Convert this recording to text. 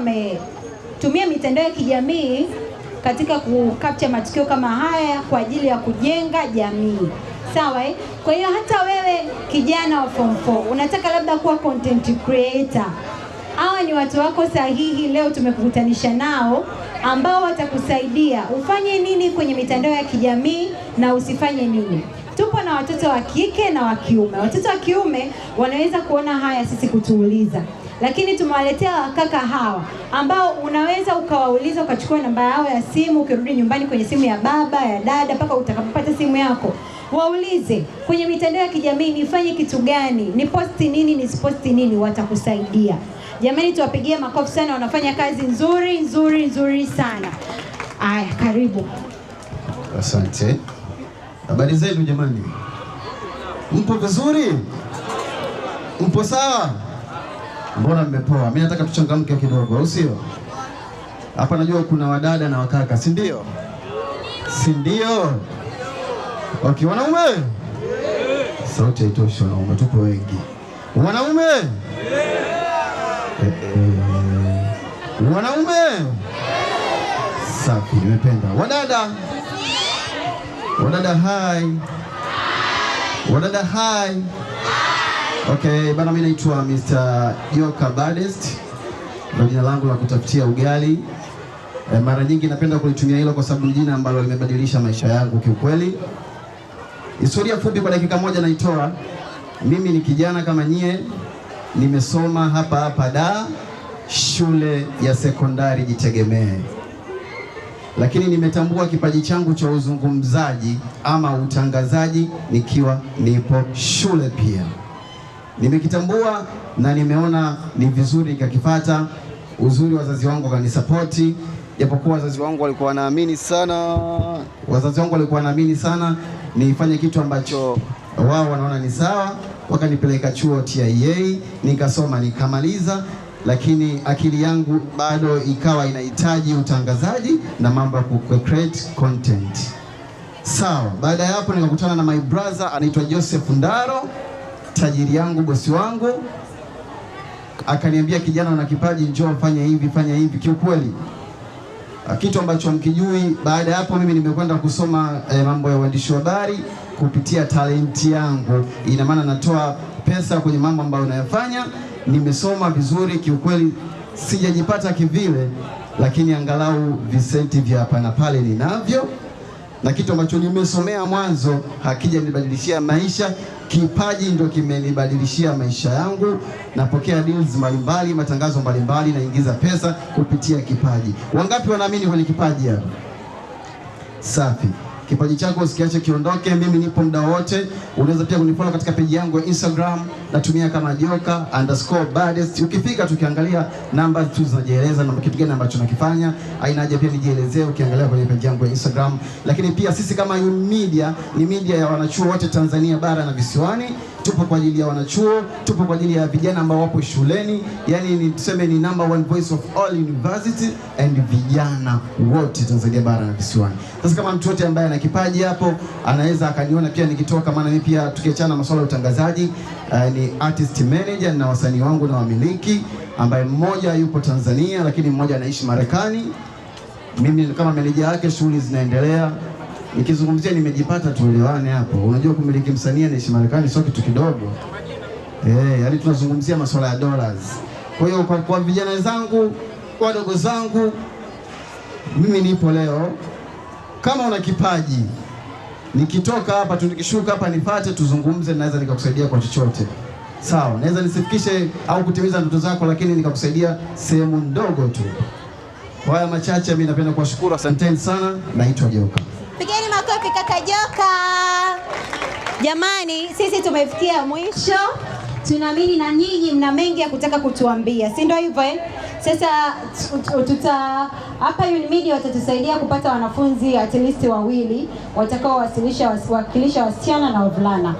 wametumia mitandao ya kijamii katika kukapcha matukio kama haya kwa ajili ya kujenga jamii. Sawa eh? Kwa hiyo hata wewe kijana wa form 4 unataka labda kuwa content creator, hawa ni watu wako sahihi leo tumekutanisha nao, ambao watakusaidia ufanye nini kwenye mitandao ya kijamii na usifanye nini. Tupo na watoto wa kike na wa kiume. Watoto wa kiume wanaweza kuona haya sisi kutuuliza lakini tumewaletea wakaka hawa ambao unaweza ukawauliza ukachukua namba yao ya simu, ukirudi nyumbani kwenye simu ya baba ya dada, mpaka utakapopata simu yako waulize kwenye mitandao ya kijamii, nifanye kitu gani, niposti nini, nisiposti nini, watakusaidia. Jamani, tuwapigie makofi sana, wanafanya kazi nzuri nzuri nzuri sana. Aya, karibu. Asante. Habari zenu jamani, mpo vizuri? Mpo sawa? Mbona mmepoa? Mimi nataka tuchangamke kidogo, au sio? Hapa najua kuna wadada na wakaka, si ndio? Si ndio? Okay, wanaume sauti haitoshi, wanaume tupo wengi. Wanaume eh, eh, wanaume, safi, nimependa. Wadada wadada, hai wadada, hai Okay, bana mimi naitwa Mr. Joka Badest. Ndio jina langu la kutafutia ugali. E, mara nyingi napenda kulitumia hilo kwa sababu jina ambalo limebadilisha maisha yangu kiukweli. Historia fupi kwa dakika moja naitoa. Mimi ni kijana kama nyie, nimesoma hapa hapa da shule ya sekondari Jitegemee, lakini nimetambua kipaji changu cha uzungumzaji ama utangazaji nikiwa nipo shule pia. Nimekitambua na nimeona ni vizuri nikakifata. Uzuri wazazi wangu wakanisapoti, japokuwa wazazi wangu walikuwa wanaamini sana, wazazi wangu walikuwa wanaamini sana nifanye kitu ambacho wao wanaona ni sawa. Wakanipeleka chuo TIA nikasoma nikamaliza, lakini akili yangu bado ikawa inahitaji utangazaji na mambo ya create content. Sawa, baada ya hapo nikakutana na my brother anaitwa Joseph Ndaro tajiri yangu, bosi wangu akaniambia, kijana, na kipaji, njoo fanya hivi fanya hivi. Kiukweli kitu ambacho mkijui. Baada ya hapo, mimi nimekwenda kusoma eh, mambo ya uandishi wa habari kupitia talenti yangu. Ina maana natoa pesa kwenye mambo ambayo nayafanya. Nimesoma vizuri kiukweli, sijajipata kivile, lakini angalau visenti vya hapa na pale ninavyo na kitu ambacho nimesomea mwanzo hakija nibadilishia maisha. Kipaji ndio kimenibadilishia maisha yangu. Napokea deals mbalimbali, matangazo mbalimbali, naingiza pesa kupitia kipaji. Wangapi wanaamini kwenye kipaji hapa? Safi. Kipaji chako usikiache kiondoke. Mimi nipo muda wote. Unaweza pia kunifollow katika peji yangu ya Instagram, natumia kama joka underscore baddest. Ukifika tukiangalia namba tu zinajieleza na kitu gani ambacho nakifanya, aina haja pia nijielezee, ukiangalia kwenye peji yangu ya Instagram. Lakini pia sisi kama UMI Media ni media ya wanachuo wote Tanzania bara na visiwani. Tupo kwa ajili ya wanachuo, tupo kwa ajili ya vijana ambao wapo shuleni, yani ni tuseme ni number one voice of all university and vijana wote Tanzania bara na visiwani. Sasa kama mtu wote ambaye ana kipaji hapo, anaweza akaniona pia nikitoka, maana mimi pia tukiachana masuala ya utangazaji uh, ni artist manager na wasanii wangu na wamiliki, ambaye mmoja yupo Tanzania lakini mmoja anaishi Marekani. Mimi kama manager yake, shughuli zinaendelea nikizungumzia nimejipata, tuelewane hapo. Unajua, kumiliki msanii anaishi Marekani sio kitu kidogo eh, yani tunazungumzia masuala ya dollars. Kwa hiyo kwa, kwa vijana wenzangu, wadogo zangu, mimi nipo leo kama una kipaji, nikitoka hapa tu nikishuka hapa nipate tuzungumze, naweza nikakusaidia kwa chochote. Sawa, naweza nisifikishe au kutimiza ndoto zako, lakini nikakusaidia sehemu ndogo tu. Kwa haya machache, mimi napenda kuwashukuru, asanteni sana. Naitwa Joka. Pigeni makofi kaka Joka. Jamani, sisi tumefikia mwisho, tunaamini na nyinyi mna mengi ya kutaka kutuambia, si ndio hivyo eh? Sasa tuta hapa UNIMED watatusaidia kupata wanafunzi at least wawili watakaowasilisha wasiwakilisha wasichana na wavulana.